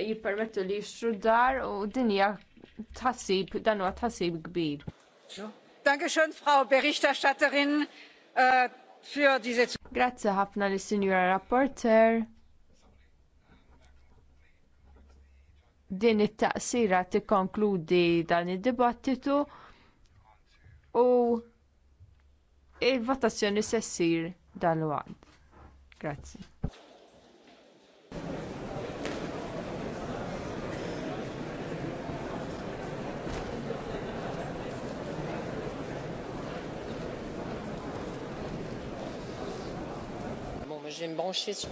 jippermettu li jixtru dar u dinja tħassib, dan huwa tħassib kbir. Dankeschön, Frau Berichterstatterin, äh, für diese. Grazie ħafna li Signora Rapporter. Din it-taqsira tikkonkludi dan id-dibattitu u il-votazzjoni se ssir dan Grazzi. je vais me brancher sur.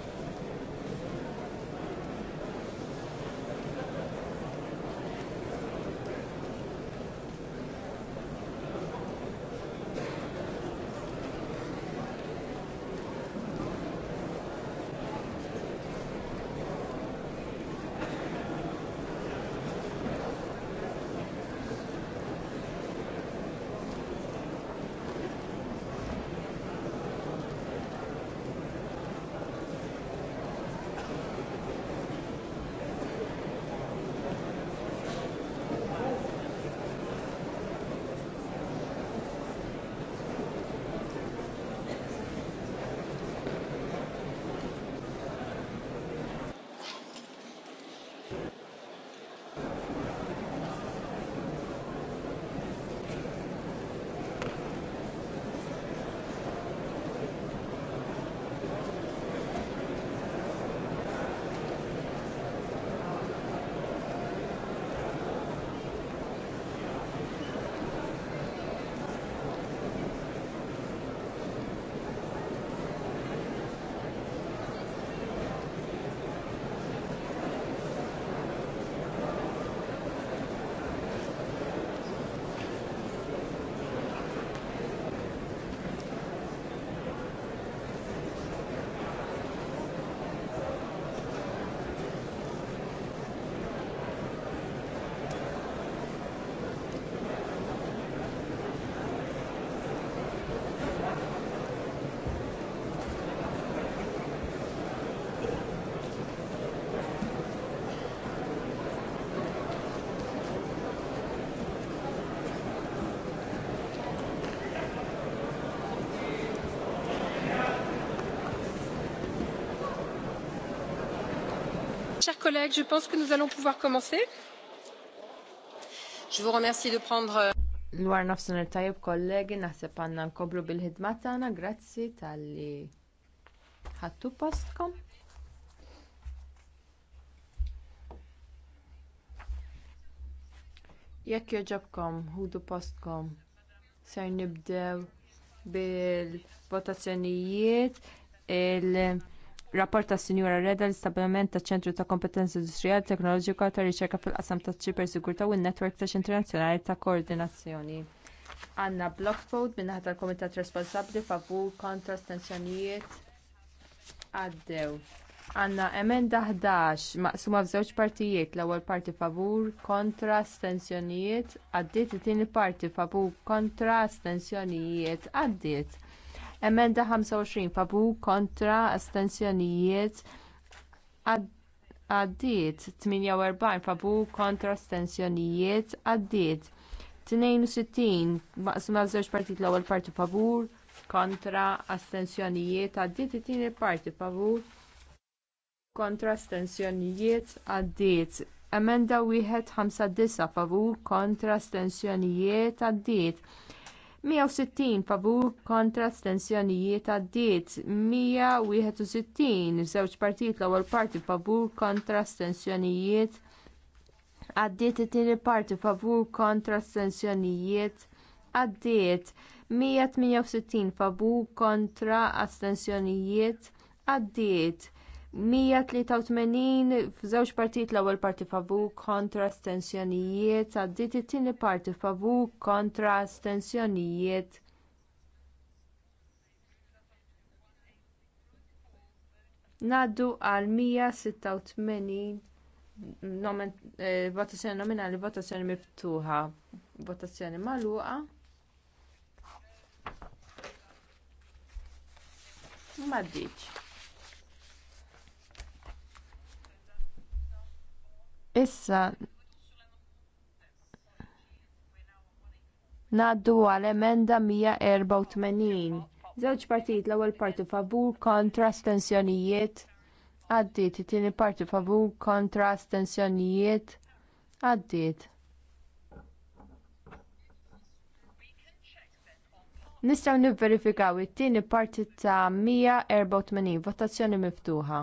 chers collègues je pense que nous allons pouvoir commencer. je vous remercie de prendre. Nwar euh, nofsinhar tajjeb kollegi naħseb għandna nkomplu bil-ħidma tagħna grazzi talli ħadtu postkom. Jekk jogħġobkom, ħudu postkom. Ser nibdew bil-votazzjonijiet il- rapport ta' sinjura Reda l-istabilment taċ ċentru ta' kompetenza industrijali teknoloġika ta' riċerka fil-qasam taċ ċibersigurtà u n-netwerk tax internazzjonali ta' koordinazzjoni. Għandna blockfold vote tal-Kumitat Responsabbli favur kontra stenzjonijiet għaddew. Għandna emenda 11 maqsuma f'żewġ partijiet l-ewwel parti favur kontra stenzjonijiet għaddiet it-tieni parti favur kontra stenzjonijiet għaddiet Emenda 25 Fabu, kontra astensjonijiet għaddiet 48 fabu kontra astensjonijiet għaddiet 62 maqsum għal żewġ partit l-ewwel parti favur kontra astensjonijiet għaddiet it-tieni parti favur kontra astensjonijiet għaddiet emenda wieħed 1.59 favur kontra astensjonijiet għaddiet 160 favur kontra astensjonijiet għaddiet 161 żewġ partijiet l-ewwel parti favur kontra astensjonijiet għaddiet it-tieni parti favur kontra astensjonijiet għaddiet 168 favur kontra astensjonijiet għaddiet 183 f'żewġ partijiet l-ewwel parti favur kontra astensjonijiet għaddiet it-tieni parti favur kontra astensjonijiet ngħaddu għal 186 eh, votazzjoni nominali votazzjoni miftuħa votazzjoni magħluqa m'għaddiex Issa ngħaddu għal emenda 184. Żewġ partijiet l-ewwel parti favur kontra stensjonijiet għaddiet, it-tieni parti favur kontra stensjonijiet għaddiet. Nistgħu nivverifikaw it-tieni parti ta' 184 votazzjoni miftuħa.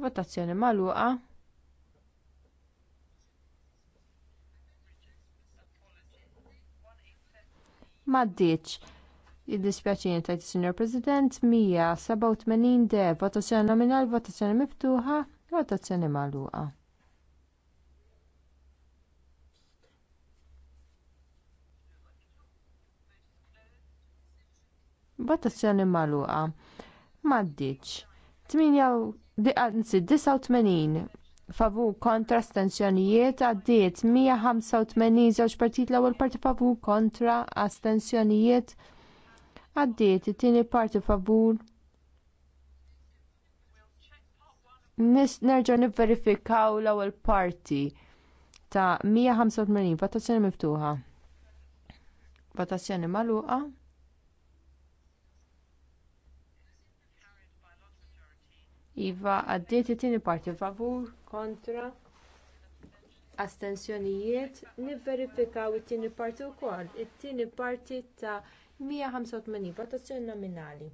Votazzjoni magħluqa. Maddiċ. Id-dispjaċini tajt Signor President 187 de votazzjoni nominal, votazzjoni miftuħa, votazzjoni magħluqa. Votazzjoni magħluqa. Maddiċ anzi 89 favur kontra astensjonijiet għaddiet 185 żewġ partit l-ewwel parti favur kontra astensjonijiet għaddiet it-tieni parti favur nerġgħu nifverifikaw l-ewwel parti ta' 185 votazzjoni miftuħa votazzjoni magħluqa Iva għaddiet it-tieni parti favur kontra astensjonijiet nivverifikaw it-tieni parti wkoll it-tieni parti ta' 185 votazzjoni nominali.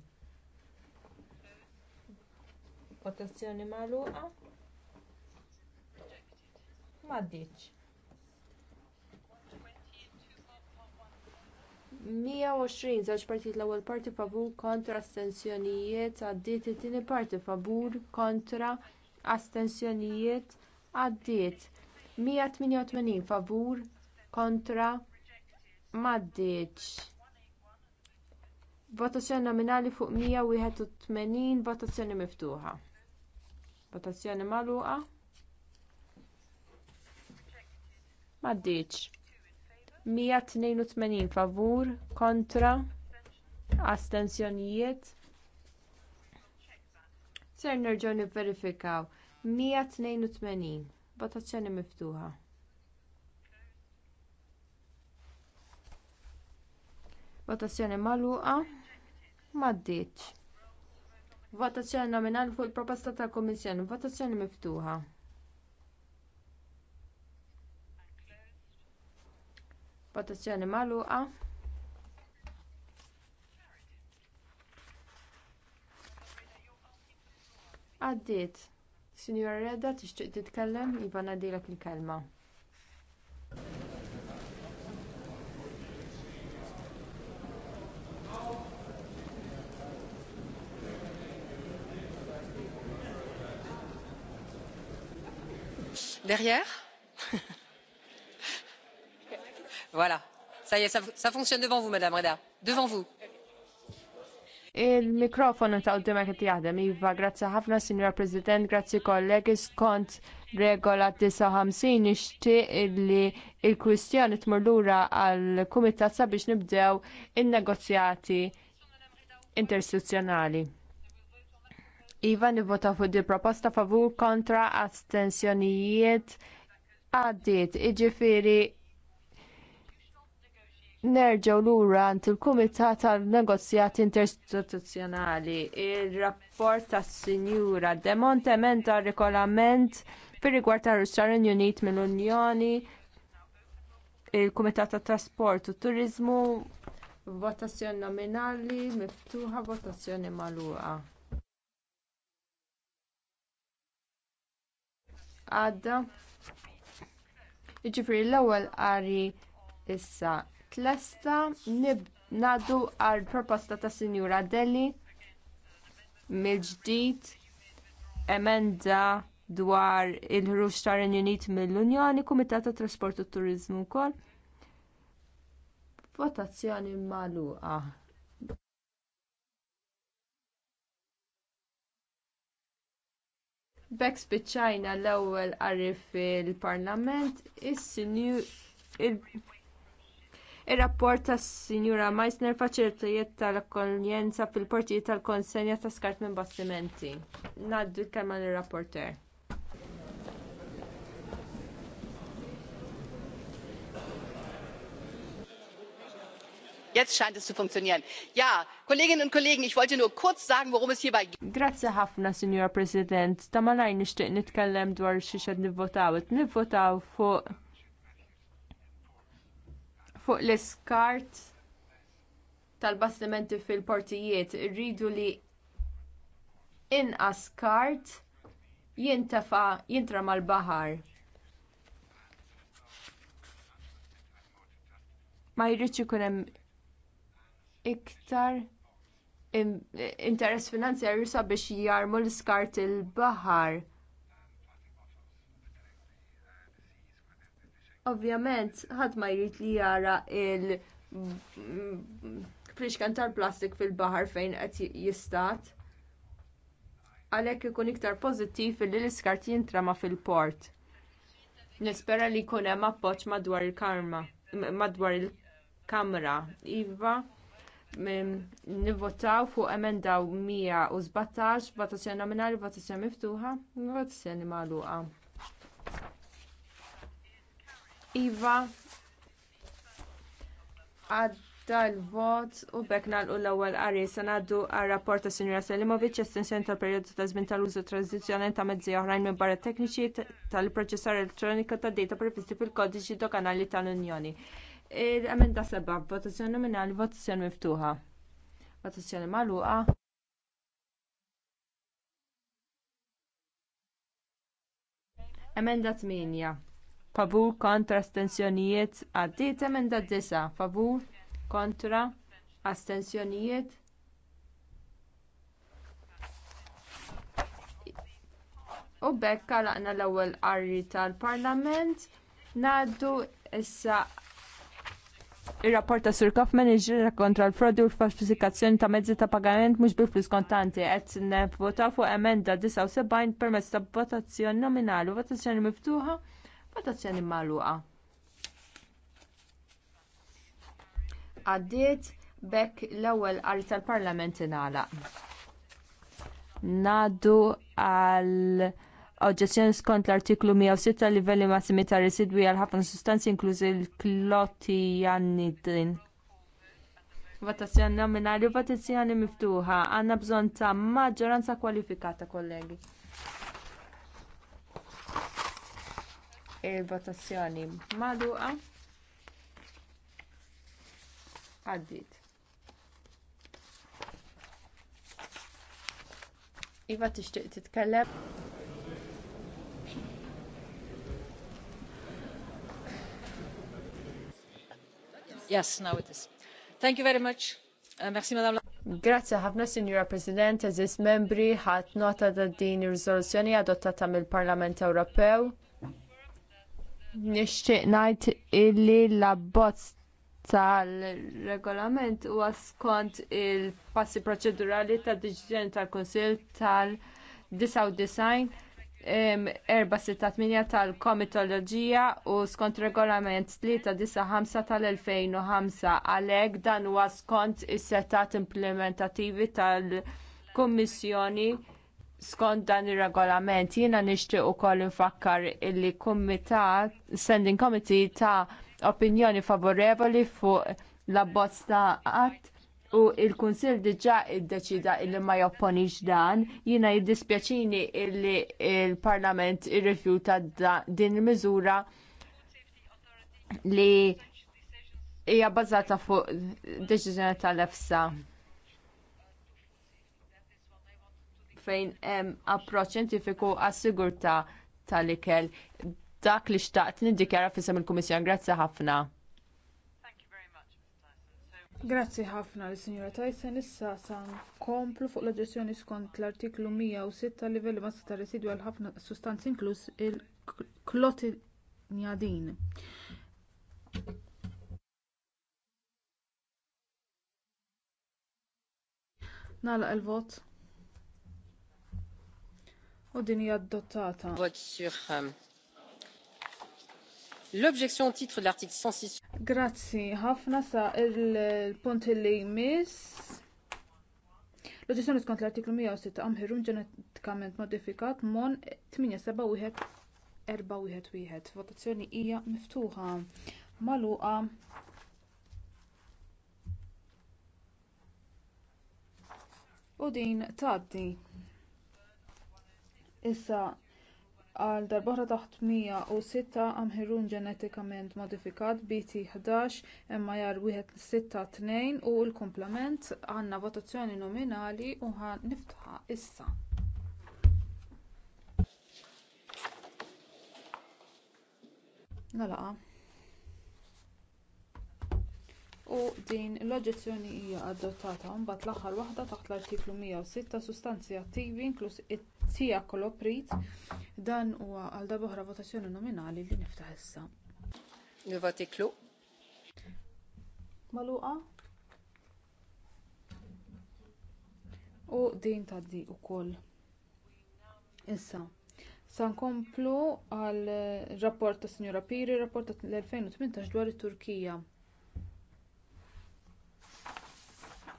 Votazzjoni magħluqa. M'għaddietx. 120 żewġ partit l-ewwel parti favur kontra astensjonijiet għaddiet it-tieni parti favur kontra astensjonijiet għaddiet 188 favur kontra m'għaddiex votazzjoni nominali fuq 181 votazzjoni miftuħa votazzjoni magħluqa m'għaddiex 182 favur kontra astensjonijiet ser nerġgħu nivverifikaw 182 votazzjoni miftuħa votazzjoni magħluqa m'għaddietx. votazzjoni nominali fuq il-proposta tal-kummissjoni votazzjoni miftuħa Votazzjoni magħluqa. Għaddiet. Signora Reda, tixtieq titkellem, iva ngħaddilek il-kelma. derrière Voilà. Ça y est, ça, ça fonctionne devant vous, Madame Reda. Devant vous. il mikrofon ta' għoddimek qed jaħdem iva, grazzi ħafna, Signora President, grazzi kollegi, skont regola 59 nixtieq li il-kwistjoni tmur lura għall-Kumitat sabiex nibdew in-negozjati interstituzzjonali. Iva nivvota fuq di proposta favur kontra astensjonijiet għaddiet, iġifiri nerġgħu lura għand il-Kumitat tal-Negozjati Interistituzzjonali ir-rapport tas-Sinjura Demont emenda regolament fir-rigward tar-Renju Unit mill-Unjoni il-Kumitat tat-Trasport u Turiżmu votazzjoni nominali miftuħa votazzjoni magħluqa. Għadda. Jiġifieri l-ewwel qari issa tlesta ngħaddu għall proposta ta' Sinjura Delli mill-ġdid emenda dwar il-ħruġ ta' renju Unit mill-Unjoni, Kumitat tat Trasport u Turiżmu wkoll. Votazzjoni magħluqa. B'hekk spiċċajna l-ewwel qari fil-Parlament, is-Sinju il Ir-rapport tas-Sinjura Meissner faċilitajiet tal-akkoljenza fil-portijiet tal-konsenja ta' skart minn bastimenti. Naddu kelma lir-rapporter. jetzt scheint es zu funktionieren. Ja, Kolleginnen und Kollegen, ich wollte nur kurz sagen, worum es hierbei geht. Grazie ħafna, Signor President. Ta' malaj nixtieq nitkellem dwar xi xed nivvotaw. Nivvotaw fuq fuq l-iskart tal-bastimenti fil-portijiet irridu li inqas kart jintafa' jintra mal-baħar. Ma jridx ikun hemm iktar interess finanzjarju sabiex jarmu l-iskart il-baħar. Ovvjament, ħadd ma jrid li jara il friċkan tal-plastik fil-baħar fejn qed jistat. Għalhekk ikun iktar pożittiv li l-iskart jintrama fil-port. Nispera li jkun hemm appoġġ madwar il-karma, madwar il-kamra. Iva, nivvotaw fuq emendaw 117 votazzjoni nominali, votazzjoni miftuħa, votazzjoni magħluqa. Iva għadda l-vot u bekk nagħlqu l-ewwel qari se ngħaddu għar-rapport ta' Sinjura Selimovic estensjoni tal-perjodu ta' żmien tal-użu tranzizzjoni ta' mezzi oħrajn minn barra tekniċi tal-proċessar elettronika ta' data previsti fil-kodiċi doganali tal-Unjoni. Emenda seba' votazzjoni nominali, votazzjoni miftuħa. Votazzjoni magħluqa. Emenda 8 favur kontra astensjonijiet għaddiet emenda disa favur kontra astensjonijiet u b'hekk għalaqna l-ewwel qari tal-parlament ngħaddu issa ir-rapport ta' Sir Kaufman iġġiela kontra l-frodi u l-falsifikazzjoni ta' mezzi ta' pagament mhux bil-flus kontanti qed nevvotaw fuq emenda 79 permezz ta' votazzjoni nominali u votazzjoni miftuħa votazzjoni magħluqa. Għaddiet bekk l-ewwel qari tal-Parlament ingħalaq. Ngħaddu għal oġġezzjoni skont l-artiklu 106 livelli massimi ta' residwi għal ħafna sustanzi inklużi l Jannidin. Votazzjoni nominali, votazzjoni miftuħa, għandna bżonn ta' maġġoranza kwalifikata, kollegi. il-votazzjoni magħluqa għaddiet iva tixtieq titkellem Yes, now it is. Thank you very much. Uh, merci, Madame. Grazzi ħafna, Signora President, eżis membri, ħadd nota ta' din ir-riżoluzzjoni adottata mill-Parlament Ewropew. Nixtieq ngħid illi l-abbozz tal-regolament huwa skont il-passi proċedurali tad deċiżjoni tal-Kunsill tal-99 468 tal-komitoloġija u skont regolament 395 tal-2005 għalhekk dan huwa skont is-setat implementattivi tal-kummissjoni skont dan ir-regolament jiena nixtieq ukoll infakkar illi kumitat standing committee ta' opinjoni favorevoli fuq l-abbozz ta' qatt u l kunsill diġà iddeċida illi ma jopponix dan, jiena jiddispjaċini illi l parlament irrifjuta din il-miżura li hija bbażata fuq deċiżjoni tal-EFSA. fejn hemm approċċ xjentifiku għas-sigurtà tal-ikel. Dak li xtaqt niddikjara fisem il-Kummissjon. Grazzi ħafna. Grazzi ħafna li sinjura Tyson issa san komplu fuq l ġessjoni skont l-artiklu 106 tal livelli massa ta' residwi għal ħafna sustanzi inkluż il-klotinjadin. Nagħlaq il-vot u din hija adottata. Euh, l-objection titre de l'article 106. Grazzi, ħafna sa il-punt li jmiss. l skont l-artiklu 106 amħirun ġenetikament modifikat mon 87141. Votazzjoni hija miftuħa. Maluqa. U din tgħaddi issa għal darbaħra taħt 106 għam ħirun ġenetikament modifikat bt-11 mr Tnejn u l-kumplament għandna votazzjoni nominali u niftħa issa nagħlaqha u din l-oġġezzjoni hija adottata mbagħad l-aħħar waħda taħt l-artiklu 106 ta' sustanzi attivi inkluż it-tiakoloprid dan huwa għal oħra votazzjoni nominali li niftaħ issa il-vot jigħlaq u din tgħaddi wkoll issa se nkomplu għal rapport tas-sinjura piri rapport tal-2018 dwar it-turkija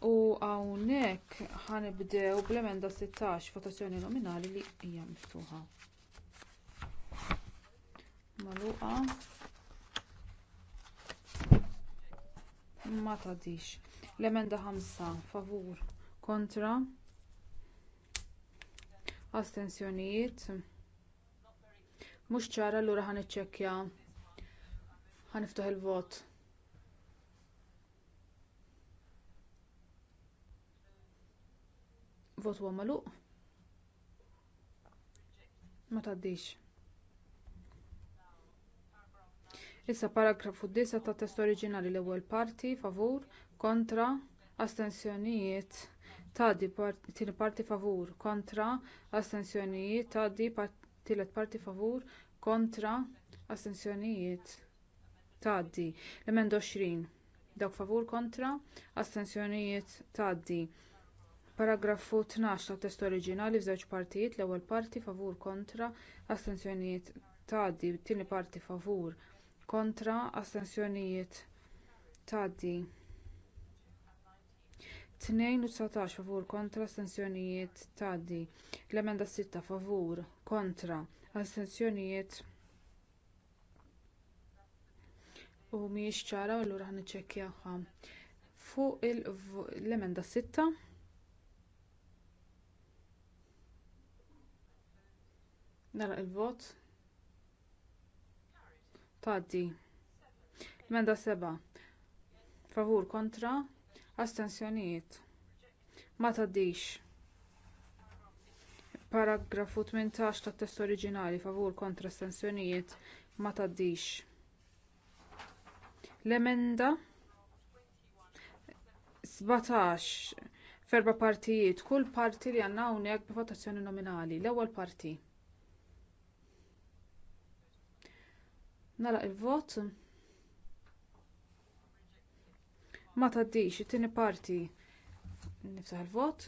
u hawnhekk ħanibdew bl-emenda 16 votazzjoni nominali li hija miftuħa magħluqa ma tgħaddix l-emenda 5 favur kontra astensjonijiet mhux ċara allura ħaniċċekkja ħaniftaħ il-vot il huwa magħluq ma tgħaddix issa paragrafu 9 tat-test oriġinali l-ewwel parti favur kontra astensjonijiet tgħaddi tieni parti favur kontra astensjonijiet tgħaddi tielet parti favur kontra astensjonijiet tgħaddi l-emenda 20 dawk favur kontra astensjonijiet tgħaddi paragrafu 12 tat-test oriġinali f'żewġ partijiet l-ewwel parti favur kontra astensjonijiet tgħaddi it-tieni parti favur kontra astensjonijiet tgħaddi 2 favur kontra astensjonijiet tgħaddi l-emenda 6 favur kontra astensjonijiet u mhijiex ċara u allura ħaniċċekkjawha fuq l-emenda 6 Nara il-vot. tgħaddi. Menda seba. Favur kontra. Astensjonijiet. Ma taddix. Paragrafu 18 tat test oriġinali. Favur kontra astensjonijiet. Ma taddix. L-emenda 17 f'erba' partijiet, kull parti li għandna hawnhekk votazzjoni nominali. L-ewwel parti. Nara il-vot. Ma taddix, it-tieni parti. Niftaħ il-vot.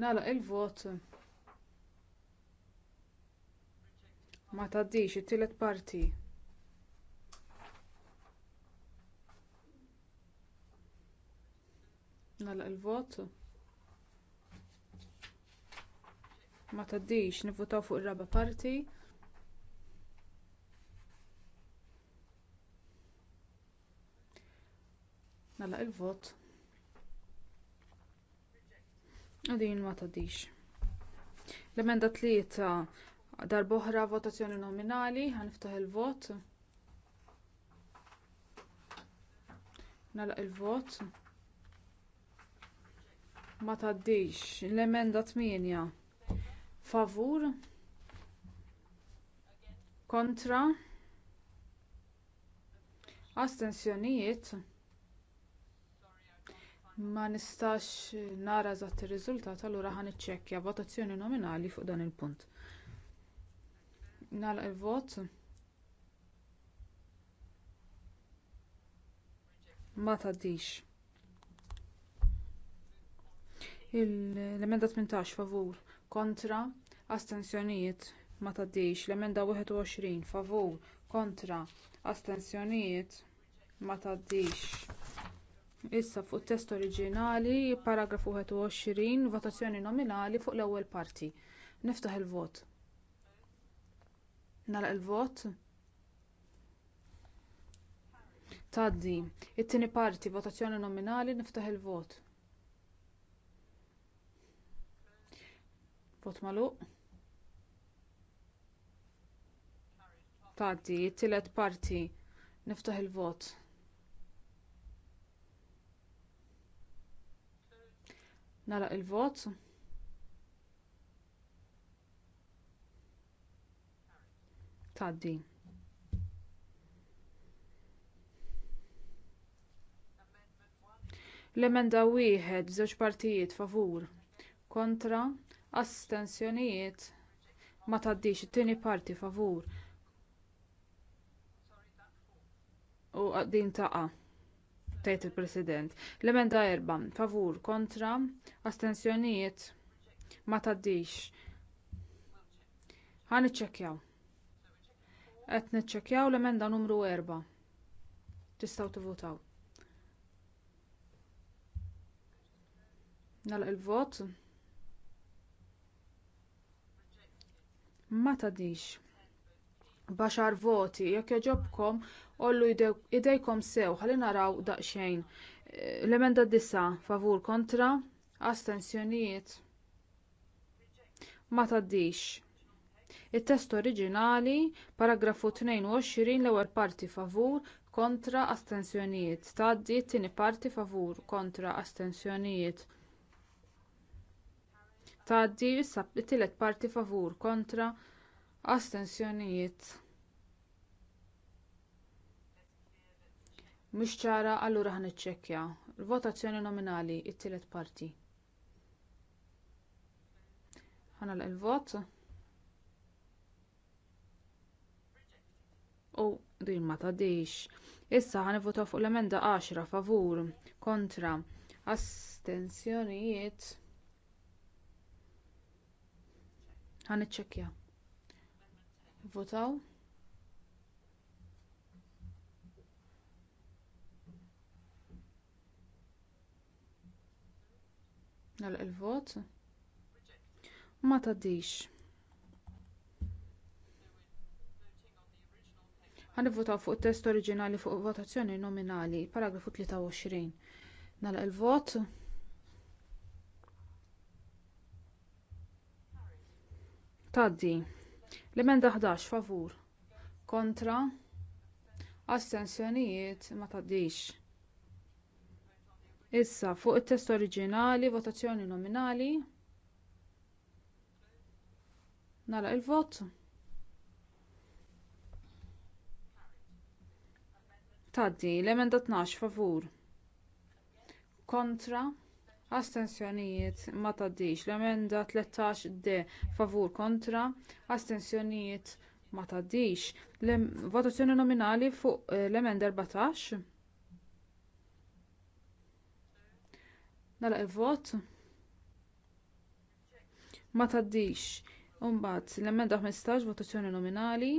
Nara il-vot. Ma taddix, it-tielet parti. Nara il-vot. ma tgħaddix nivvotaw fuq ir-raba' parti nagħlaq il-vot u din ma tgħaddix l-emenda tlieta darb'oħra votazzjoni nominali ħaniftaħ il-vot nagħlaq il-vot ma tgħaddix l-emenda 8 favur kontra astensjonijiet ma nistax nara eżatt ir-riżultat allura ħa niċċekkja votazzjoni nominali fuq dan il-punt nagħlaq il-vot ma tgħaddix l-emenda 18 favur kontra astensjonijiet ma tgħaddix l-emenda 21 favur kontra astensjonijiet ma tgħaddix issa fuq it-test oriġinali paragrafu 21 votazzjoni nominali fuq l-ewwel parti niftaħ il-vot nagħlaq il-vot tgħaddi it-tieni parti votazzjoni nominali niftaħ il-vot vot magħluq tgħaddi it-tielet parti niftaħ il-vot nagħlaq il-vot tgħaddi l-emenda wieħed żewġ partijiet favur kontra astensjonijiet ma tgħaddix it-tieni parti favur u din taqa' tgħid il-President. L-emenda erba' favur kontra astensjonijiet ma taddix. Ħan iċċekjaw. Qed niċċekkjaw l-emenda numru 4. t-votaw. Nalq il-vot. Ma taddix. Baxar voti, jekk jogħġobkom ollu idejkom sew ħalli naraw daqsxejn. Eh, l-emenda disa favur kontra astensjonijiet ma taddix. It-test oriġinali, paragrafu 22, l-ewwel parti favur kontra astensjonijiet. Tgħaddi t-tieni parti favur kontra astensjonijiet. Tgħaddi t tielet parti favur kontra astensjonijiet. mhix ċara allura ħan niċċekkja votazzjoni nominali it-tielet parti ħanalaq il-vot u din ma tgħaddix issa ħanivvotaw fuq l-emenda 10 favur kontra astensjonijiet ħaniċċekkja votaw nagħlaq il-vot ma tgħaddix ħanivvotaw fuq it-test oriġinali fuq votazzjoni nominali paragrafu 23 nagħlaq il-vot tgħaddi l-emenda 11 favur kontra astensjonijiet ma tgħaddix issa fuq it-test oriġinali votazzjoni nominali nagħlaq il-vot tgħaddi l-emenda 12 favur kontra astensjonijiet ma tgħaddix l-emenda 13 d favur kontra astensjonijiet ma tgħaddix votazzjoni nominali fuq eh, l-emenda 14 nagħlaq il-vot ma taddix. u l-emenda 15 votazzjoni nominali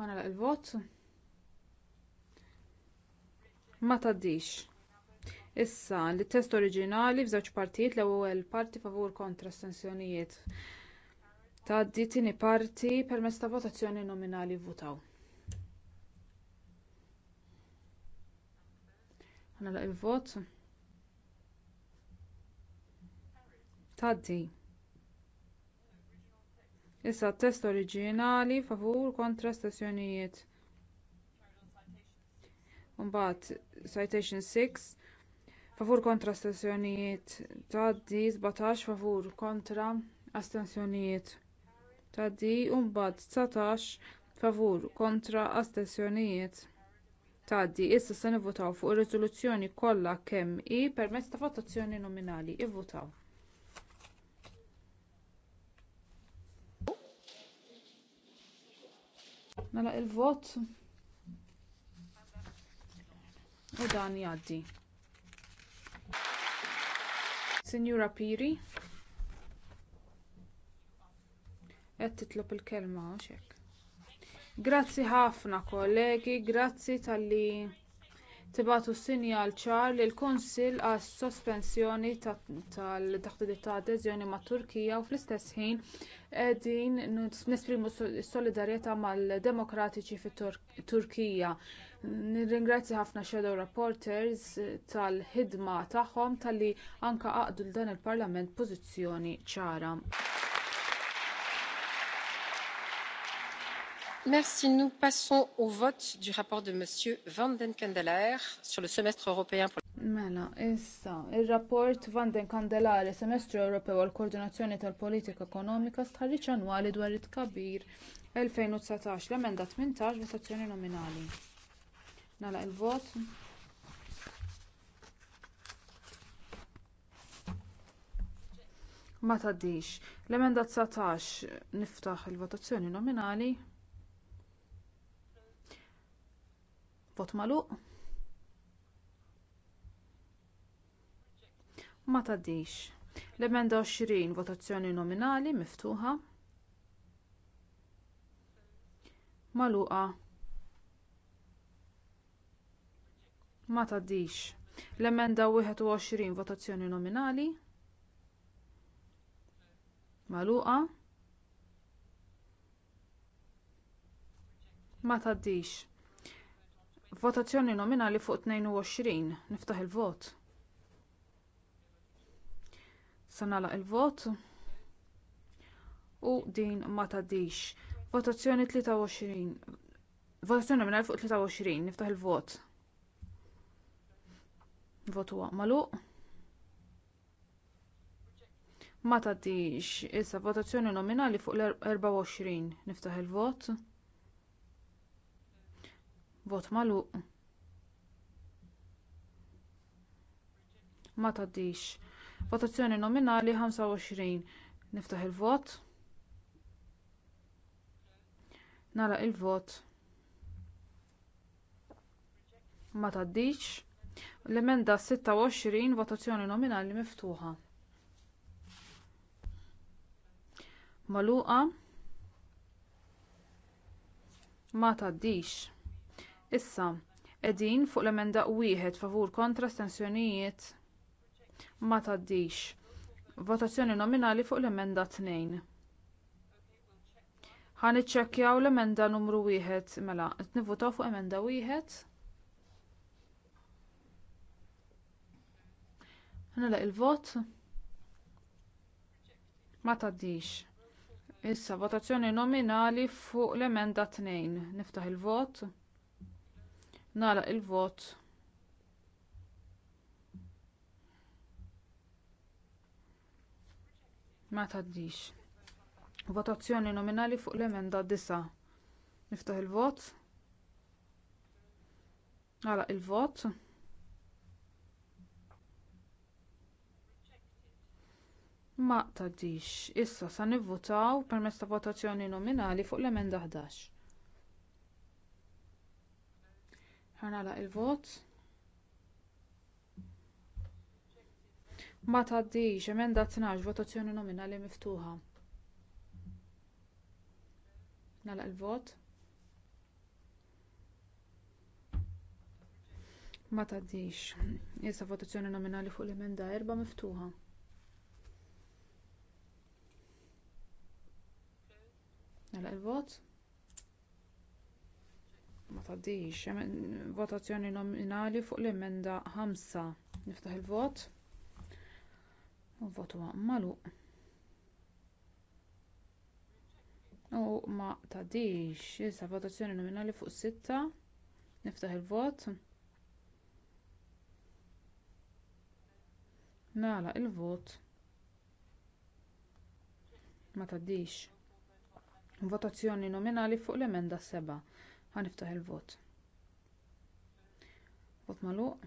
ħanalaq il-vot ma taddix. issa li test oriġinali f'żewġ partijiet l-ewwel parti favur kontra stensjonijiet. tgħaddi tieni parti permezz ta' votazzjoni nominali vvutaw Nagħlaq il-vot. Taddi. Issa test oriġinali favur kontra stazzjonijiet. Mbagħad citation 6 favur kontra stazzjonijiet Taddi 17 favur kontra astensjonijiet. Taddi u mbagħad 19 favur kontra astensjonijiet tgħaddi issa se nivvotaw fuq ir-riżoluzzjoni kollha kemm hi permezz ta' votazzjoni nominali ivvutaw nagħlaq mela, il-vot u dan jgħaddi sinjura piri qed titlob il-kelma għax Grazzi ħafna kollegi, grazzi talli tibatu sinjal ċar li l-Kunsill għas sospensjoni tal-taħdiet ta' adeżjoni mat Turkija u fl-istess ħin qegħdin nesprimu s-solidarjetà mal-demokratiċi fit-Turkija. Nirringrazzja ħafna shadow reporters tal-ħidma tagħhom talli anke għaqdu l dan il-Parlament pożizzjoni ċara. Merci. Nous passons au vote du rapport de Monsieur Van den Candelaere sur le semestre européen pour Mela, issa, il-rapport Van den Kandelari semestru Ewropew għal koordinazzjoni tal-politika ekonomika stħarriċ annwali dwar it-kabir 2019 l-emenda 18 votazzjoni nominali. Nala il-vot. Ma tgħaddix. L-emenda 19 niftaħ il-votazzjoni nominali. Vot magħluq. Ma tgħaddix. L-emenda 20 votazzjoni nominali miftuħa. Maluqa. Ma tgħaddix. L-emenda 21 votazzjoni nominali. Maluqa. Ma tgħaddix votazzjoni nominali fuq 22 niftaħ il-vot sa nagħlaq il-vot u din ma tgħaddix votazzjoni 23 votazzjoni nominali fuq 23 niftaħ il-vot vot huwa magħluq ma tgħaddix issa votazzjoni nominali fuq l-24 niftaħ il-vot Vot magħluq. Ma tgħaddix. Votazzjoni nominali 25. Niftaħ il-vot. Nagħlaq il-vot. Ma tgħaddix. L-emenda 26 votazzjoni nominali miftuħa. Magħluqa ma tgħaddix issa qegħdin fuq l-emenda wieħed favur kontra astensjonijiet ma tgħaddix votazzjoni nominali fuq l-emenda tnejn ħa niċċekkjaw l-emenda numru wieħed mela qed nivvutaw fuq emenda wieħed nagħlaq il-vot ma tgħaddix issa votazzjoni nominali fuq l-emenda tnejn niftaħ il-vot Nara il-vot. Ma taddix. Votazzjoni nominali fuq l-emenda disa. Niftaħ il-vot. Nara il-vot. ma tgħaddix issa se nivvutaw permezz ta' votazzjoni nominali fuq l-emenda 11 għanala il-vot ma tgħaddix emenda 12 votazzjoni nominali miftuħa nagħlaq il-vot ma taddix. issa votazzjoni nominali fuq l-emenda erba' miftuħa nagħlaq il-vot ma tgħaddix votazzjoni nominali fuq l-emenda 5 niftaħ il-vot u l-vot huwa magħluq u ma tgħaddix issa votazzjoni nominali fuq 6 niftaħ il-vot nagħlaq il-vot ma tgħaddix votazzjoni nominali fuq l-emenda 7 ħaniftaħ il-vot vot magħluq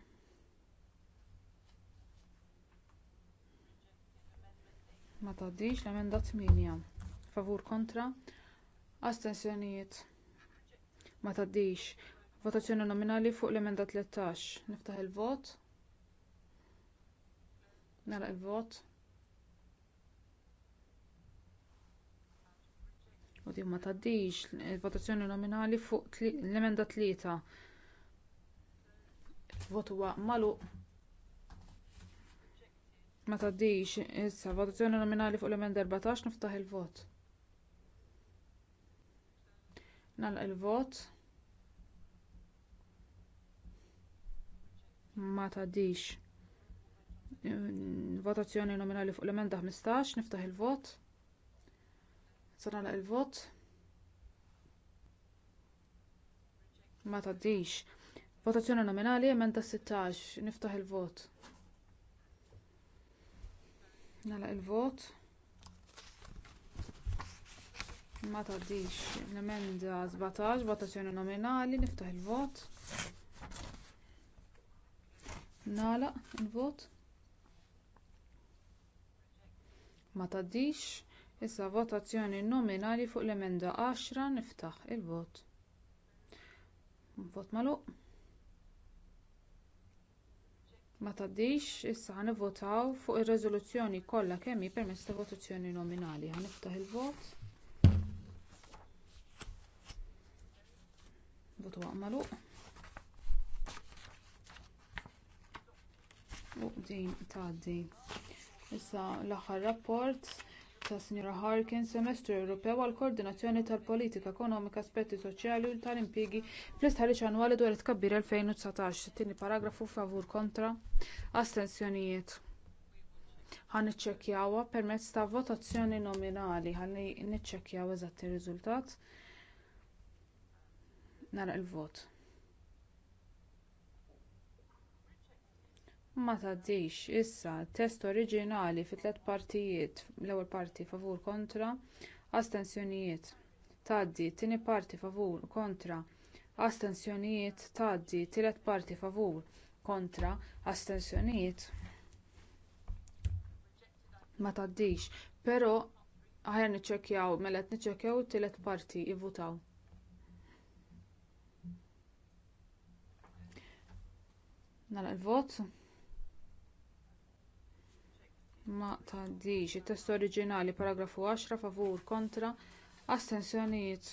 ma tgħaddix l-emenda 8 favur kontra astensjonijiet ma taddiġ. votazzjoni nominali fuq l-emenda 13 niftaħ il-vot nagħlaq il-vot u din ma tgħaddix il-votazzjoni nominali fuq l-emenda tlieta vot huwa magħluq ma tgħaddix issa votazzjoni nominali fuq l-emenda 14 niftaħ il-vot nagħlaq il-vot ma tgħaddix votazzjoni nominali fuq l-emenda 15 niftaħ il-vot Sarana il-vot. Ma taddix. Votazzjoni nominali, emenda 16. Niftaħ il-vot. nalaq il-vot. Ma taddix. L-emenda 17. Votazzjoni nominali, niftaħ il-vot. nalaq il-vot. Ma taddix issa votazzjoni nominali fuq l-emenda 10 niftaħ il-vot vot magħluq ma tgħaddix issa ħanivvotaw fuq ir-reżoluzzjoni kollha kemm hi permezz ta' votazzjoni nominali ħaniftaħ il-vot vot magħluq u din tgħaddi issa l-aħħar rapport tas-sinjura harkin semestru ewropew għall-koordinazzjoni tal-politika ekonomika aspetti soċjali u tal-impjiegi fl-istħarriġ annwali dwar it-tkabbir 2019 it-tieni paragrafu favur kontra astensjonijiet ħaniċċekkjawha permezz ta' votazzjoni nominali ħalli niċċekkjaw eżatt ir-riżultat Nara il-vot ma tgħaddix issa t-test oriġinali fi tliet partijiet l-ewwel parti favur kontra astensjonijiet tgħaddi t tieni parti favur kontra astensjonijiet tgħaddi t tielet parti favur kontra astensjonijiet ma tgħaddix però aħjar niċċekkjaw mela qed niċċekkjaw it-tielet parti ivvutaw nagħlaq vot ma tgħaddix it-test oriġinali paragrafu 10 favur kontra astensjonijiet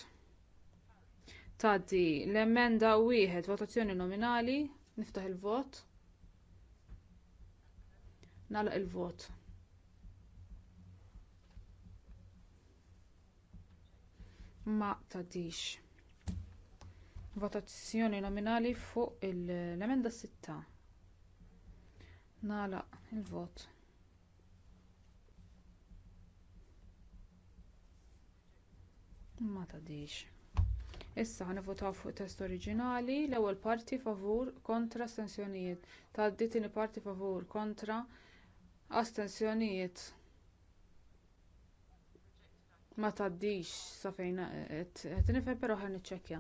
tgħaddi l-emenda wieħed votazzjoni nominali niftaħ il-vot nagħlaq il-vot ma tgħaddix votazzjoni nominali fuq l-emenda 6 nagħlaq il-vot ma tadix. issa ħnivvotaw fuq test oriġinali l-ewwel parti favur kontra astensjonijiet tgħaddi it-tieni parti favur kontra astensjonijiet ma tgħaddix sa fejn qed nifhem però ħa niċċekkja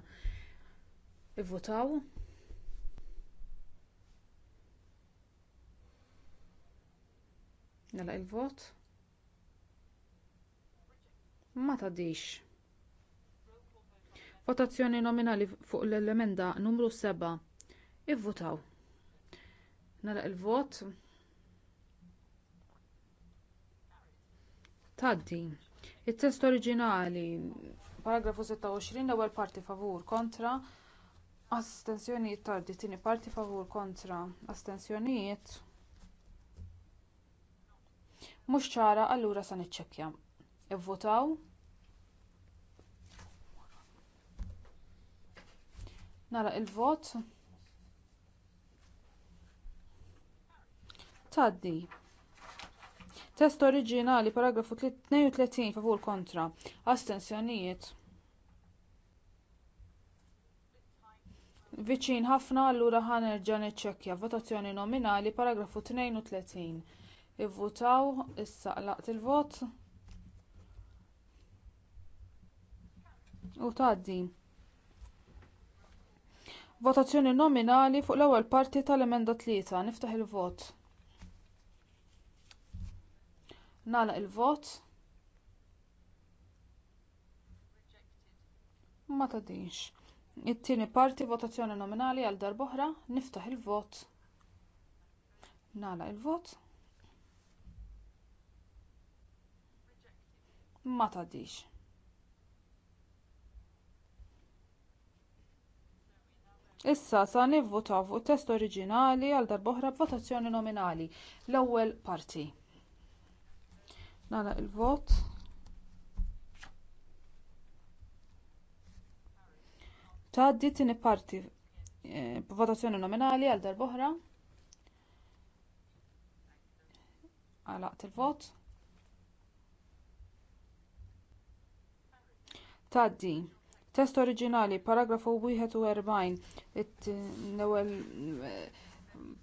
ivvutaw il-vot ma tadix votazzjoni nominali fuq l-emenda numru 7 ivvutaw nagħlaq il-vot tgħaddi it-test oriġinali paragrafu 26 l-ewwel parti favur kontra astensjonijiet tgħaddi it-tieni parti favur kontra astensjonijiet mhux ċara allura se niċċekkja ivvutaw Nara il-vot. Taddi. Test oriġinali paragrafu 32 favur kontra. Astensjonijiet. Viċin ħafna allura ħanerġa' niċċekkja votazzjoni nominali paragrafu 32. Ivvutaw issa laqt il-vot. U tgħaddi votazzjoni nominali fuq l-ewwel parti tal-emenda 3 niftaħ il-vot nagħlaq il-vot ma tadinx. it-tieni parti votazzjoni nominali għal darb'oħra niftaħ il-vot nagħlaq il-vot ma tgħix. issa sa nivvotaw fuq it-test oriġinali għal darb'oħra b'votazzjoni nominali l-ewwel parti nagħlaq il-vot tgħaddi t-tieni parti eh, b'votazzjoni nominali għal darb'oħra għalaqt il-vot tgħaddi Test oriġinali, paragrafu 41, it ewwel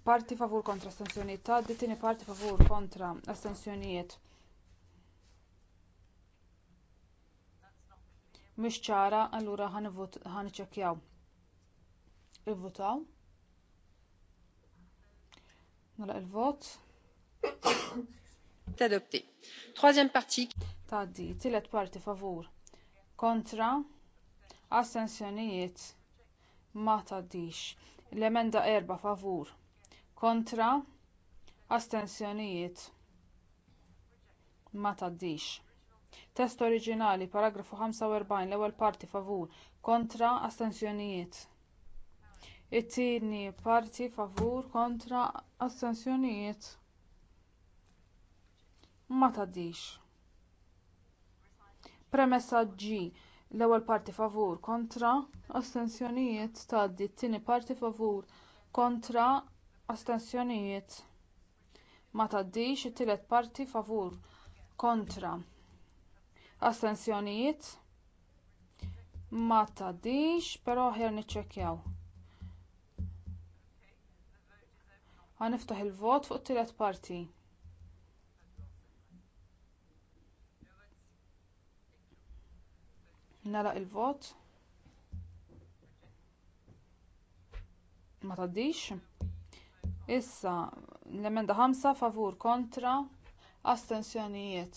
parti favur kontra astensjonijiet tgħaddi, tieni parti favur kontra astensjonijiet. Mhix ċara, allura niċċekkjaw. Ivvutaw. Nagħlaq il-vot. Tadopti. Troisième partie. Taddi, tielet parti favur. Kontra astensjonijiet ma tgħaddix l-emenda 4 favur kontra astensjonijiet ma tgħaddix test oriġinali paragrafu 45 l-ewwel parti favur kontra astensjonijiet it-tieni parti favur kontra astensjonijiet ma tgħaddix premessa g l-ewwel parti favur kontra astensjonijiet tgħaddi t-tieni parti favur kontra astensjonijiet ma tgħaddix it-tielet parti favur kontra astensjonijiet ma tgħaddix però aħjar niċċekkjaw niftaħ il-vot fuq it-tielet parti nagħlaq il-vot ma tgħaddix issa l-emenda 5 favur kontra astensjonijiet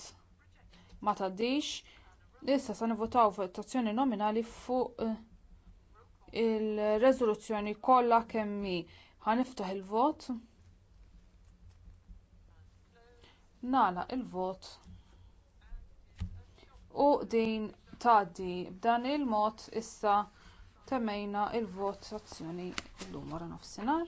ma tgħaddix issa se nivvotaw votazzjoni nominali fuq eh, ir-reżoluzzjoni kollha kemm hi ħaniftaħ il-vot nagħlaq il-vot u din tgħaddi b'dan il-mod issa temmejna l-votazzjoni llum wara nofsinhar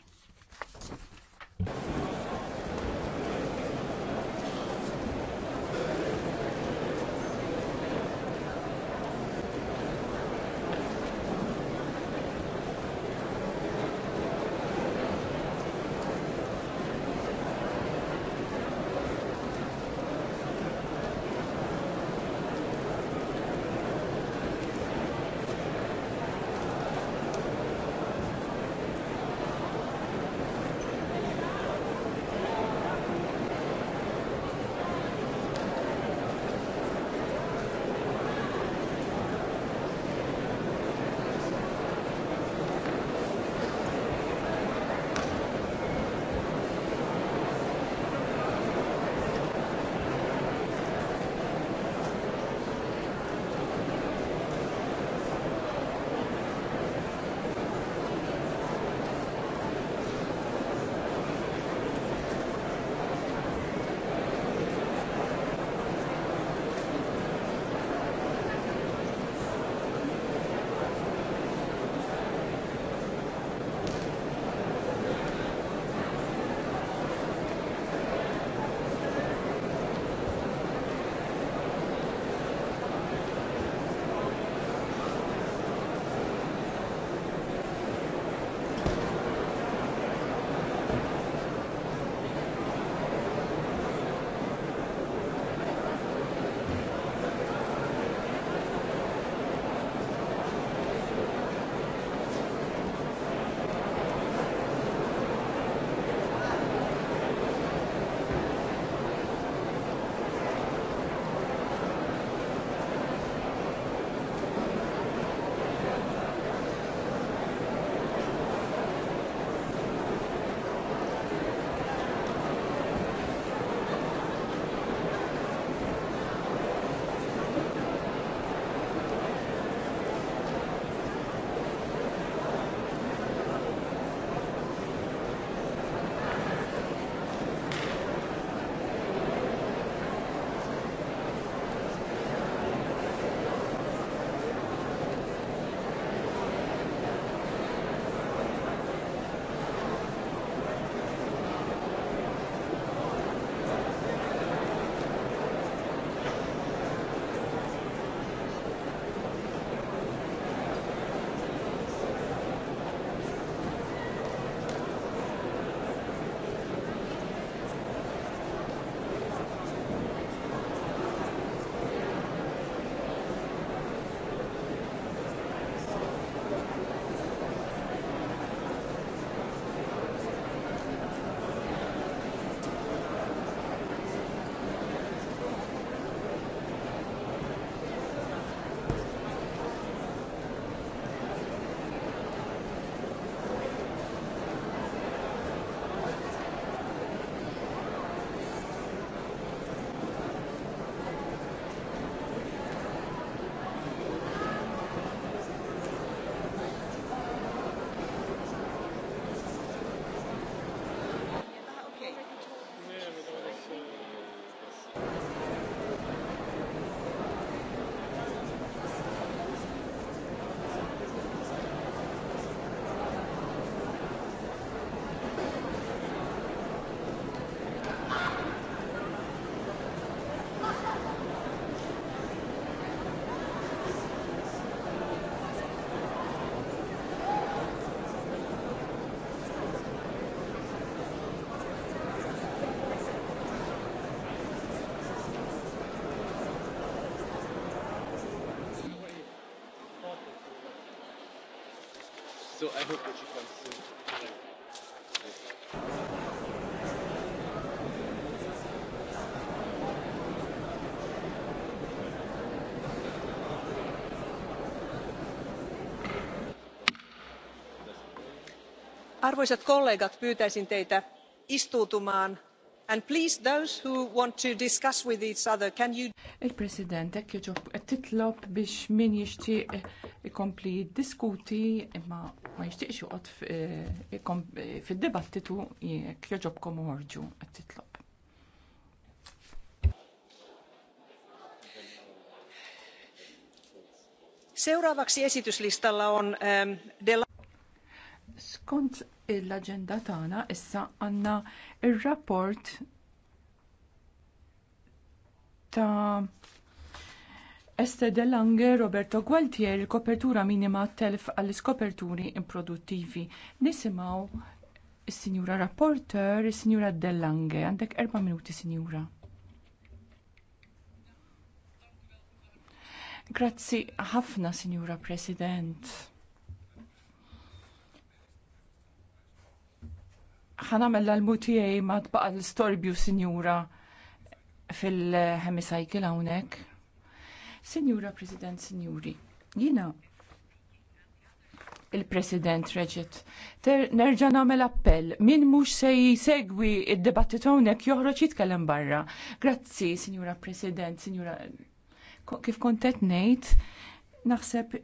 Arvoisat kollegat, pyytäisin teitä istuutumaan and please those who want to discuss with each other can you Il-President hekk jitlob biex min jixtieq ikompli jiddiskuti imma ma jixtieqx joqgħod eh, eh, fid-dibattitu jekk joġobkom uħorġu għat titlob. Seuraavaksi esityslistalla on ehm, Dela... Skont l-agenda tagħna issa għandna ir-rapport ta' Este de Lange, Roberto Gualtier, kopertura minima telf għall-iskoperturi improduttivi. Nisimaw il-Sinjura Rapporter, il-Sinjura de Lange. Għandek erba' minuti, Sinjura. Grazzi ħafna, Sinjura President. ħanamel l-mutijaj ma tbaqa l-storbju, Sinjura, fil-hemisajkil hawnhekk. Senjura President, Senjuri, jina il-President Reġet. Nerġa' nagħmel appell min mhux se jsegwi id-dibattitu hawnhekk joħroġ jitkellem barra. Grazzi, Senjura President, Sinjura kif kontet qed ngħid naħseb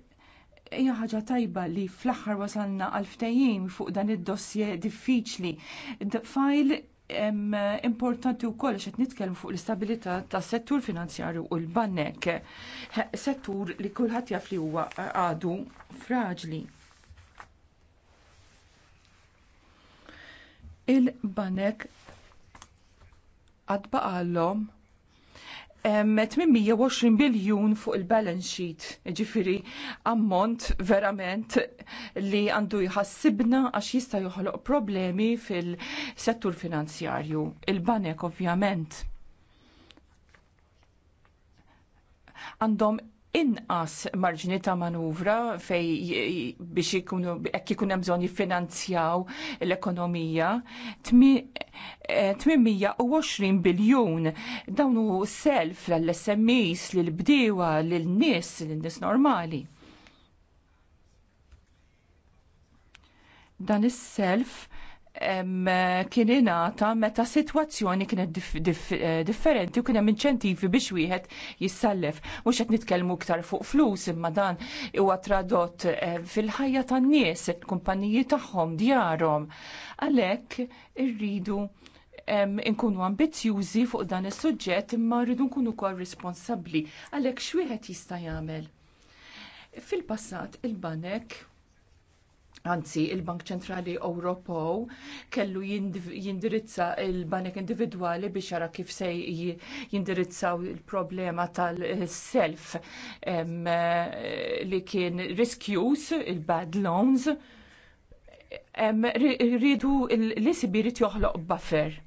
hija ħaġa tajba li fl-aħħar wasalna għal ftehim fuq dan id-dossier diffiċli. Fajl importanti u koll xet nitkelmu fuq l istabilita ta' settur finanzjarju u l-bannek, settur li kullħat jaf li huwa għadu fraġli. Il-banek għallom 820 biljun fuq il-balance sheet, ġifiri ammont verament li għandu jħassibna għax jista joħloq problemi fil-settur finanzjarju. Il-banek ovvjament għandhom inqas marġni ta' manuvra fej biex ikunu ekk ikun hemm bżonn jiffinanzjaw l-ekonomija 820 eh, biljun dawn self l-SMEs l bdiewa l nies l nies normali. Dan is-self kien ingħata meta sitwazzjoni kienet eh, differenti u kien hemm inċentivi biex wieħed jissallef. Mhux qed nitkellmu iktar fuq flus imma dan huwa tradott eh, fil-ħajja tan-nies, il-kumpaniji tagħhom, djarhom. Għalhekk irridu nkunu ambizjużi fuq dan is-suġġett imma rridu nkunu wkoll responsabbli għalhekk x'wieħed jista' jagħmel. Fil-passat il-banek Anzi, il-Bank Ċentrali Ewropew kellu jindirizza il-banek individwali biex jara kif se jindirizzaw il-problema tal-self eh, li kien risk use il-bad loans. Rridu l-isibi rrit joħloq buffer.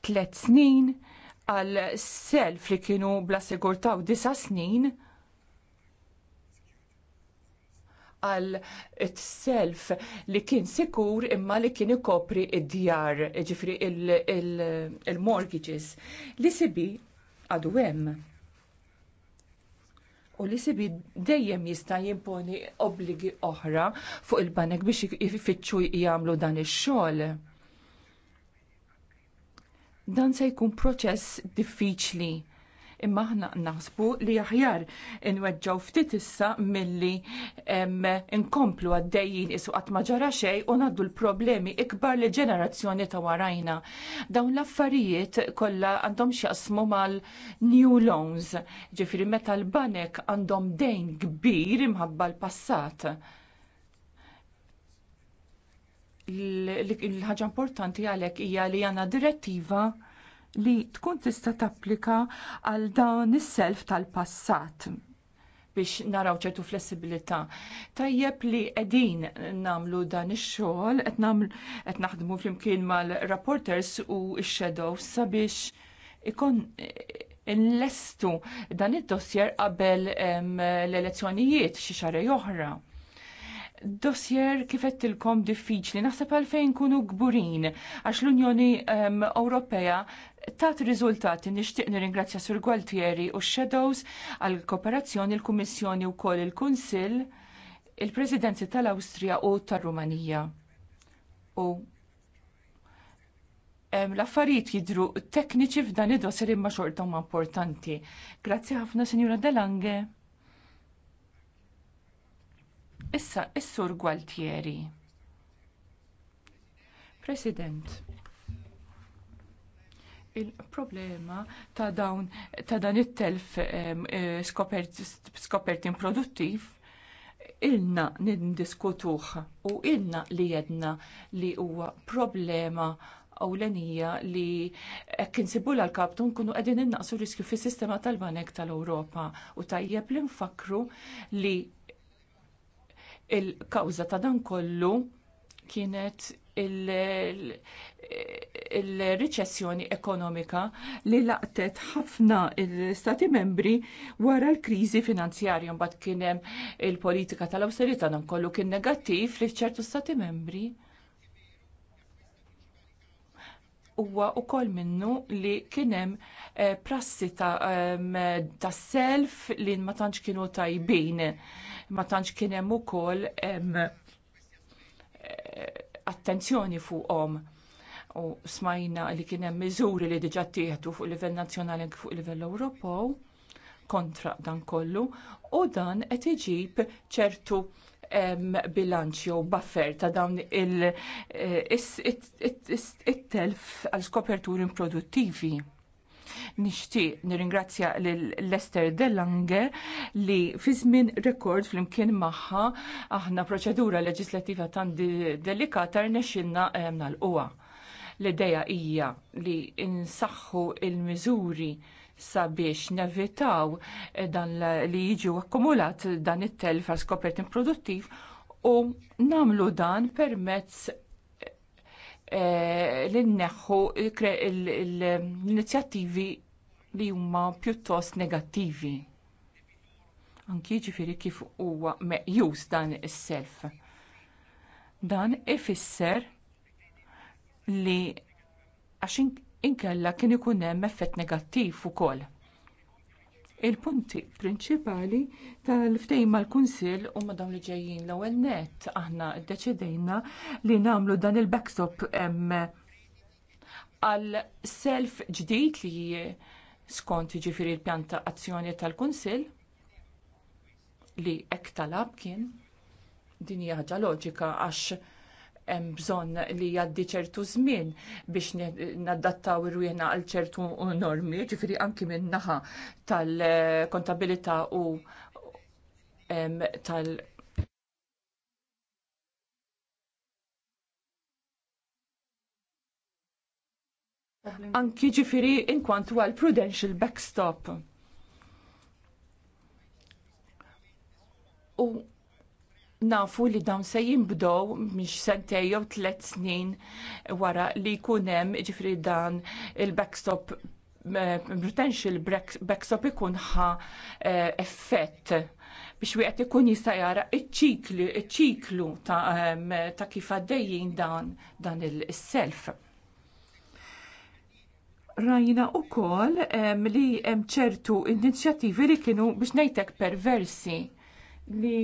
Tlet snin għal self li kienu bla u disa snin għal self li kien sikur imma li kien ikopri id-djar, ġifri il-mortgages. Li sibi għadu U li sibi dejjem jista' jimponi obbligi oħra fuq il-banek biex ifittxu jagħmlu dan ix-xogħol. Dan se jkun proċess diffiċli imma aħna naħsbu li aħjar inweġġaw ftit issa milli inkomplu għaddejjin isu qatt ma ġara xejn u naddu l-problemi ikbar li ġenerazzjoni ta' warajna. Dawn l-affarijiet kollha għandhom x'jaqsmu mal-new loans, ġifieri meta l-banek għandhom dejn kbir imħabba l-passat l-ħagġa importanti għalek hija li għandna direttiva li tkun tista' tapplika għal dawn is-self tal-passat biex naraw ċertu flessibilità. Tajjeb li qegħdin nagħmlu dan ix-xogħol qed naħdmu flimkien mal-rapporters u x-shadows sabiex ikon nlestu dan id-dossier qabel l-elezzjonijiet xi xahar oħra dossier kifet ilkom diffiċli. Naħseb għalfejn kunu gburin għax l-Unjoni ehm, Ewropea tat riżultati nixtieq nirringrazzja Sur Gualtieri u Shadows għal kooperazzjoni l-Kummissjoni wkoll il-Kunsill il-Presidenzi tal-Awstrija u tar-Rumanija. U ehm, l-affarijiet jidru tekniċi f'dan id-dossier imma xorta huma importanti. Grazzi ħafna, Sinjura Delange. Issa, is-sur Gualtieri. President, il-problema ta' dawn ta' dan it-telf eh, skopert improduttiv ilna nindiskutuh u ilna li jedna li huwa problema ewlenija li hekk insibu l kaptun nkunu qegħdin innaqsu riskju fis-sistema tal-banek tal-Ewropa u tajjeb li nfakru li Il-kawza ta' dan kollu kienet il-riċessjoni ekonomika li laqtet ħafna il-stati membri wara l-krizi finanzjarja mbagħad kien hemm il-politika tal-awsterità dan kollu kien negattiv li ċertu stati membri. Huwa wkoll minnu li kien hemm eh, prassi eh, ta' self li ma tantx kienu tajbin ma tantx kien hemm ukoll attenzjoni fuqhom u smajna li kien hemm miżuri li diġà tieħdu fuq livell nazzjonali anke fuq livell Ewropew kontra dan kollu u dan qed iġib ċertu bilanċ jew buffer ta' dawn il-telf għal skoperturi improduttivi. Nixtieq nirringrazzja lil Lester Dellange li fi żmien rekord flimkien magħha aħna proċedura leġislattiva tan delikata rnexxinna eh, nagħlquha. L-idea hija li insaħħu il-miżuri sabiex nevitaw eh, dan li jiġu akkumulat dan it-telf għal skopert improduttiv u namlu dan permezz Eh, li nneħħu l-inizjattivi li huma pjuttost negattivi. Anki ġifiri kif huwa meqjus dan is-self. Dan ifisser li għax inkella kien ikun hemm effett negattiv ukoll il-punti prinċipali tal-ftejn mal-Kunsill u ma dawn li ġejjin l-ewwel nett aħna ddeċidejna li nagħmlu dan il-backstop għal self ġdid li skont jiġifieri l-pjanta azzjoni tal-Kunsill li hekk talab kien din hija ħaġa loġika għax hemm bżonn li jgħaddi ċertu żmien biex nadattaw irwiena għal ċertu normi, ġifieri anki minn naħa tal-kontabilità u tal- Anki ġifiri inkwantu għal prudential backstop. U nafu li dawn se jimbdow miex sentej jew tliet snin wara li jkun hemm ġifri dan il-backstop eh, potential backstop ikun ħa eh, effett biex wieqed ikun jista' jara ċ-ċiklu eh, ta' kif għaddejjin dan dan il-self. Rajna u li hemm ċertu inizjattivi li kienu biex ngħidlek perversi li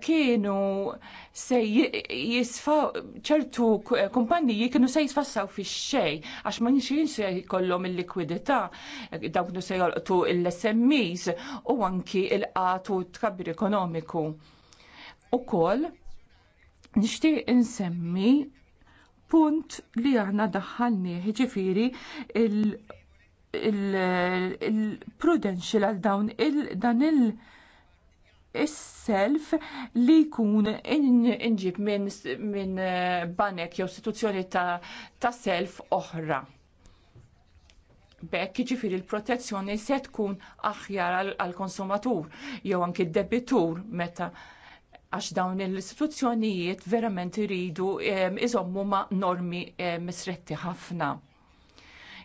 kienu se jisfaw ċertu kumpanniji kienu se jisfassaw fi xej għax ma nixin se jkollhom il-likwidità dawk nu se jolqtu l-SMEs u anki il-qatu tkabbir ekonomiku. Ukoll nixtieq insemmi punt li għana daħħalni ħiġifiri il-prudential il, il għal dawn il-dan il-, -dan il is-self li jkun inġib minn min banek jew istituzzjoni ta', ta self oħra. Bekk jiġifieri l-protezzjoni se tkun aħjar għal-konsumatur jew anki d-debitur meta għax dawn l-istituzzjonijiet verament iridu ehm, iżommu ma' normi ehm, misretti ħafna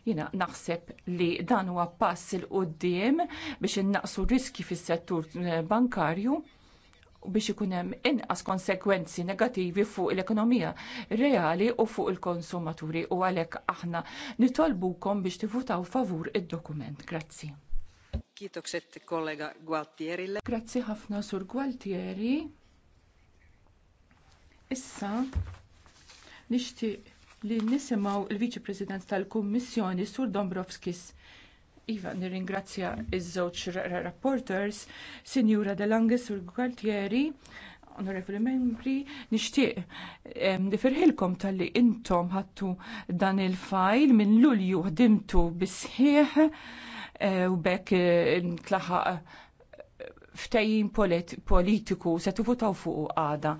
Jina naħseb li dan huwa pass il-qoddim biex innaqsu riski fis-settur eh, bankarju u biex ikun hemm inqas konsekwenzi negattivi fuq l-ekonomija reali u fuq il-konsumaturi u għalhekk aħna nitolbukom biex tivutaw favur id-dokument. Grazzi. Kitokset kollega Gualtieri. Grazzi ħafna sur Gualtieri. Issa nixtieq li nisimgħu l-Viċi President tal-Kummissjoni Sur Dombrovskis. Iva, nirringrazzja iż-żewġ rapporters, Sinjura Lange, Sur Gualtieri, Onorevoli membri, nixtieq nifirħilkom tal-li intom ħattu dan il fajl minn Lulju ħdimtu bisħieħ eh, u bekk eh, tlaħħaq ftejjin politiku se tivutaw fuq għada.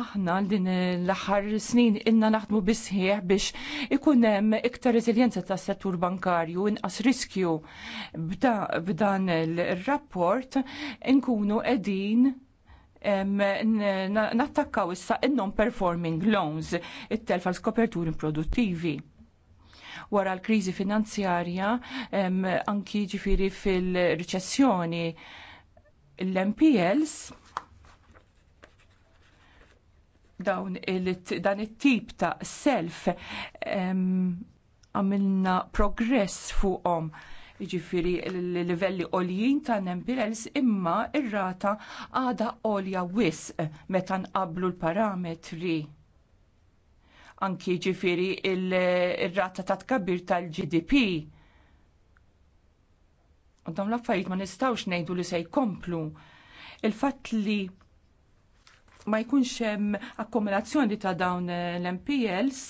Aħna din l-aħħar snin inna naħdmu bisħieħ biex ikun hemm iktar reżiljenza tas-settur bankarju inqas riskju b'dan il-rapport inkunu qegħdin nattakkaw issa in-non-performing loans, it-telfa l-skoperturi produttivi wara l-kriżi finanzjarja anki ġifiri fil-riċessjoni l-MPLs dawn il dan it-tip ta' self għamilna progress fuqhom ġifiri l-livelli għoljin ta' NMPLs imma ir-rata għada għolja wisq meta nqablu l-parametri. Anki ġifiri il-rata ta' tkabbir tal-GDP U dawn l-affarijiet ma nistawx ngħidu li se jkomplu. Il-fatt li ma jkunx hemm akkumulazzjoni ta' dawn l-MPLs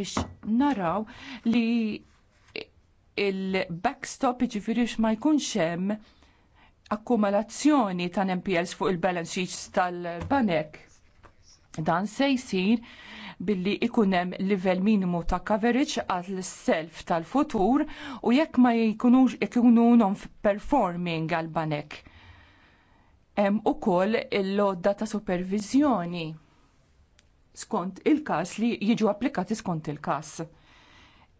biex naraw li il-backstop ġifiri ma jkunx hemm akkumulazzjoni ta' MPLs fuq il-balance sheets tal-banek. Dan se jsir billi ikunem livell minimu ta' coverage għal self tal-futur u jekk ma jkunux ikunu non-performing għal banek. Hemm ukoll il-lodda ta' supervizjoni skont il-każ li jiġu applikati skont il-każ.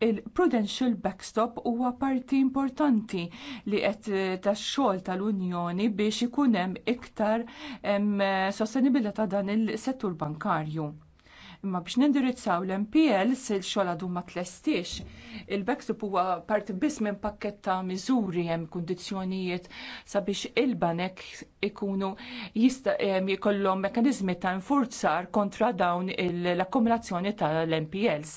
Il-Prudential Backstop huwa parti importanti li qed eh, tax-xogħol tal-Unjoni biex ikun hemm iktar eh, sostenibilità ta' dan il-settur bankarju. Imma biex nindirizzaw l-MPL sil xogħol għadu ma tlestix. Il-backstop huwa parti biss minn pakketta ta' miżuri hemm kundizzjonijiet sabiex il-banek ikunu jista' jkollhom mekkaniżmi ta' infurzar kontra dawn l-akkumulazzjoni tal-MPLs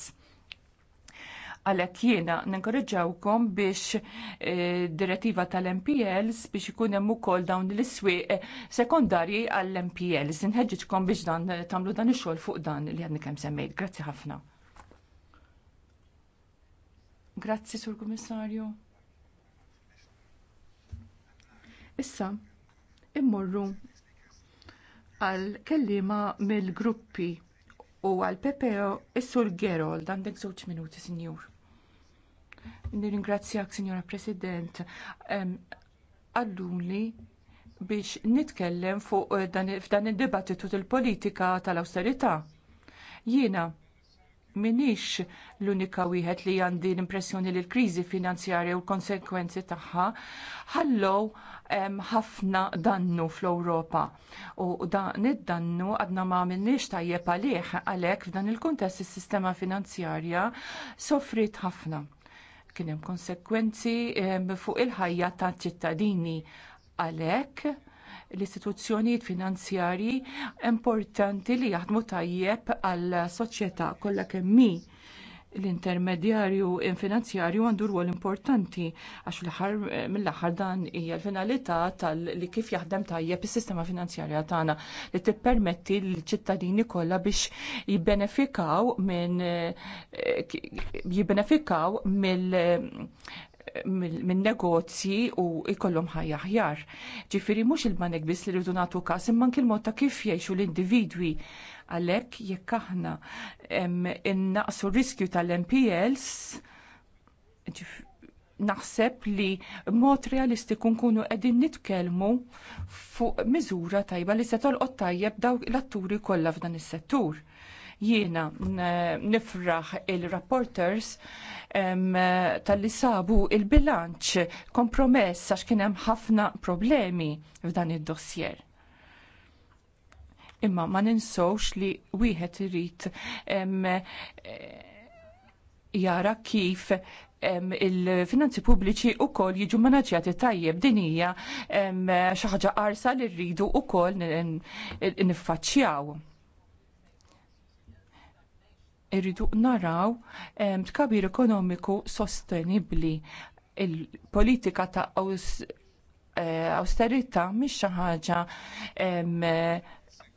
għalek jiena ninkorreġawkom biex eh, direttiva tal-MPLs biex ikun hemm ukoll dawn l-iswieq eh, sekondarji għall-MPLs. Inħeġġitkom biex dan eh, tagħmlu dan ix-xogħol fuq dan li għadni kemm semmejt. Grazzi ħafna. Grazzi, Sur Kummissarju. Issa, immorru għal kelliema mill-gruppi u għal Pepeo is-Sur Gerol, għandek żewġ minuti, Sinjur. Nirringrazzjak, Signora President, għalluli biex nitkellem fuq eh, dan id-dibattitu tal-politika tal-austerità. Jiena minix l-unika wieħed li għandi l-impressjoni li l-kriżi finanzjarja u l-konsekwenzi tagħha ħallow ħafna dannu fl-Ewropa. U dan id-dannu għadna ma minix tajjeb għalih għalhekk f'dan il-kuntest is-sistema finanzjarja sofrit ħafna kien hemm konsekwenzi eh, fuq il-ħajja ta' ċittadini għalhekk l-istituzzjonijiet finanzjarji importanti li jaħdmu tajjeb għall soċjetà kollha kemm hi l-intermedjarju finanzjarju għandu rwol importanti għax mill-aħħar dan hija l-finalità tal li kif jaħdem tajjeb is-sistema finanzjarja tagħna li tippermetti l-ċittadini kollha biex jibbenefikaw minn jibbenefikaw mill minn negozji u ikollhom ħajja aħjar. Ġifieri mhux il-banek biss li rridu nagħtu każ imma anki l-mod ta' kif jgħixu l-individwi Għalhekk jekk aħna innaqsu riskju tal-MPLs naħseb li mod realistiku nkunu qegħdin nitkellmu fuq miżura tajba li se tolqot tajjeb dawk l-atturi kollha f'dan is-settur. Jiena nifraħ il-rapporters tal-li sabu il-bilanċ kompromess għax kien hemm ħafna problemi f'dan id-dossier imma ma ninsowx li wieħed irid eh, jara kif il-finanzi pubbliċi u kol jiġu manaġġjati tajjeb din hija xi ħaġa qarsa li rridu u kol niffaċċjaw. Irridu naraw tkabir ekonomiku sostenibbli il-politika ta' eh, austerita mhix xi ħaġa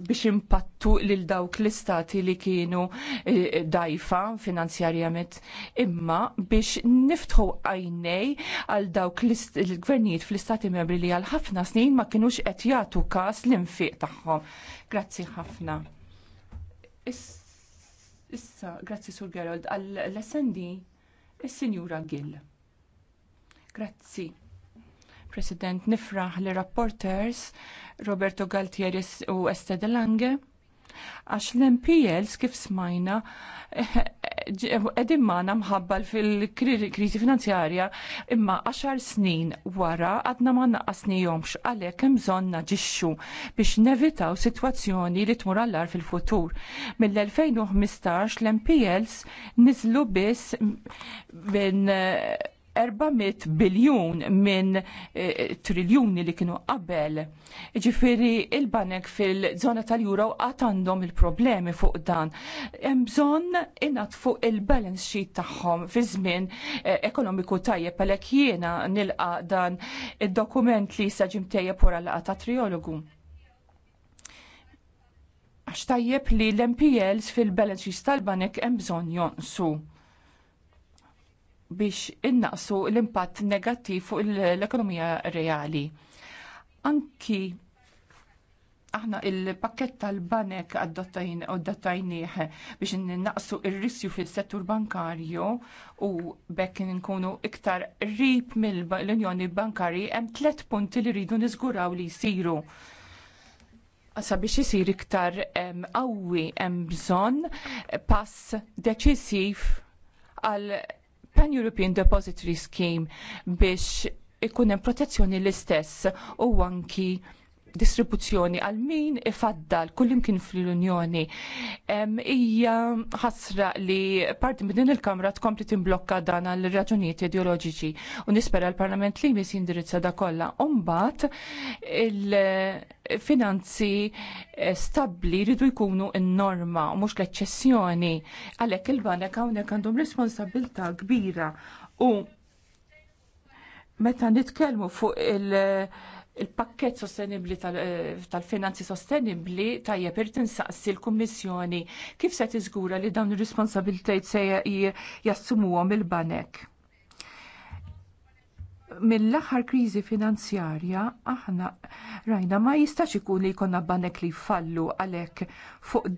biex impattu lil dawk l-istati li kienu eh, dajfa finanzjarjament imma biex niftħu għajnej għal dawk l-gvernijiet fl-istati membri li għal ħafna snin ma kienux qed jagħtu każ l-infiq tagħhom. Grazzi ħafna. Issa, grazzi Sur Gerald, għall-essendi il sinjura Gill. Grazzi. President, nifraħ li rapporters Roberto Galtieri u Estede Lange għax l-MPLs kif smajna edin maħna mħabbal fil-krizi finanzjarja imma 10 snin wara għadna ma naqqasni jomx għalek imżon naġixxu biex nevitaw situazzjoni li tmur għallar fil-futur. Mill-2015 l-MPLs nizlu biss minn 400 biljun minn eh, triljuni li kienu qabel. Ġifiri il-banek fil-zona tal jura u għandhom il-problemi fuq dan. Mżon innat fuq il-balance sheet tagħhom fi żmien eh, ekonomiku tajjeb għalhekk jiena nilqa dan id-dokument li saġim tejjeb wara laqa ta' triologu għax tajjeb li l-MPLs fil-balance sheet tal-banek hemm bżonn jonqsu biex innaqsu l-impatt negattiv fuq l-ekonomija reali. Anki aħna il-pakket tal-banek u għaddottajnieħ biex innaqsu il-rissju fil-settur bankarju u bekk nkunu iktar rib mill-Unjoni Bankari hemm tliet punti li rridu niżguraw li jsiru. Sabiex isir iktar qawwi hemm bżonn pass deċisiv għal Pan-European Depository Scheme biex ikun hemm protezzjoni l-istess u anki distribuzzjoni għal min ifaddal imkien fl-Unjoni. Hija ħasra li parti minn din il-Kamra tkompli timblokka dan għal raġunijiet ideoloġiċi u nispera l-Parlament li jmiss jindirizza da kollha. Umbagħad il-finanzi eh, stabbli jridu jkunu n-norma u mhux l-eċċessjoni għalhekk il-banek hawnhekk għandhom responsabilità kbira u meta nitkellmu fuq il- il-pakket sostenibli eh, tal-finanzi sostenibli tajjeb irid insaqsi l-Kummissjoni kif se tiżgura li dawn ir-responsabiltajiet se jassumuhom il-banek. Mill-aħħar kriżi finanzjarja aħna rajna ma jistax ikun li jkollna banek li jfallu għalhekk fuq